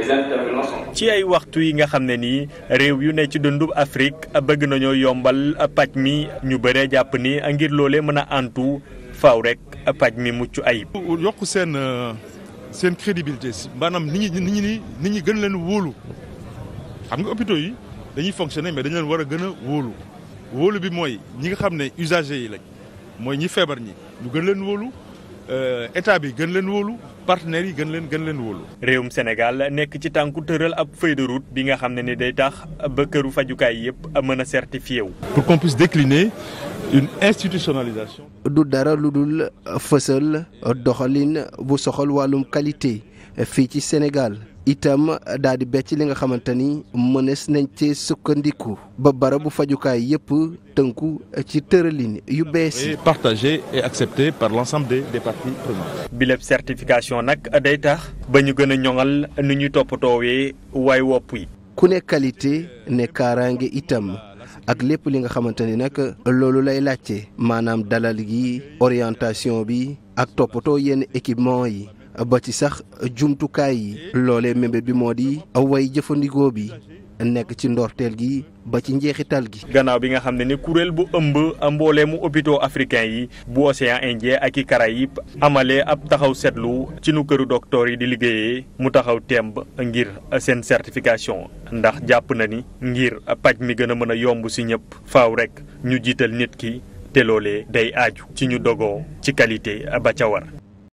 les ci ay waxtu yi nga xam ne nii réew yu ne ci dundub Afrique bëgg nañoo yombal paj mi ñu bëree jàpp ni ngir loolee mën a antu faaw rek paj mi mucc ay yokk seen euh, seen crédibilité maanaam nit ñi ni ñi nit gën leen wóolu xam nga hôpitaux yi dañuy fonctionner mais dañu leen war a gën a wóolu wóolu bi mooy ñi nga xam ne usagers yi lañ mooy ñi feebar ñi ñu gën leen wóolu. Euh, état bi gën leen wóolu partenaires yi gën leen gën leen wóolu. réewum Sénégal nekk ci tànku tëral ab feuille bi nga xam ne ni day tax ba këru fajukaay yëpp mën a certifié wu. pour qu'on puisse décliner une institutionnalisation. du dara lu dul fësal doxalin bu soxal wàllum qualité. fii ci Sénégal itam daal di becc li nga xamante ni mënees nañ ci sukkandiku ba barabu fajukaay yëpp tënku ci tëralin yu bees yi. partagé et accepté par l'ensemble des parties prenantes. bileb certification nag day tax ba ñu gën a ñoŋal nu ñuy toppatoowee waay wopp yi. ku ne qualité ne kaaraange itam. ak lépp li nga xamante ni nag loolu lay laajte maanaam dalal gi orientation bi ak toppatoo yenn équipement yi ba ci sax jumtukaay yi loole mébét bi moo di away jëfandikoo bi nekk ci ndorteel gi ba ci njeexital gi. gannaaw bi nga xam ne ni kuréel bu ëmb mbooleemu hôpitaux africain yi bu océan Indien ak i Caraïbes amalee ab taxaw seetlu ci nu këru docteur yi di liggéeyee mu taxaw temb ngir seen certification ndax jàpp na ni ngir paj mi gën a mën a yomb si ñëpp faw rek ñu jiital nit ki te loole day aaju ci ñu dogoo ci qualité ba ca war.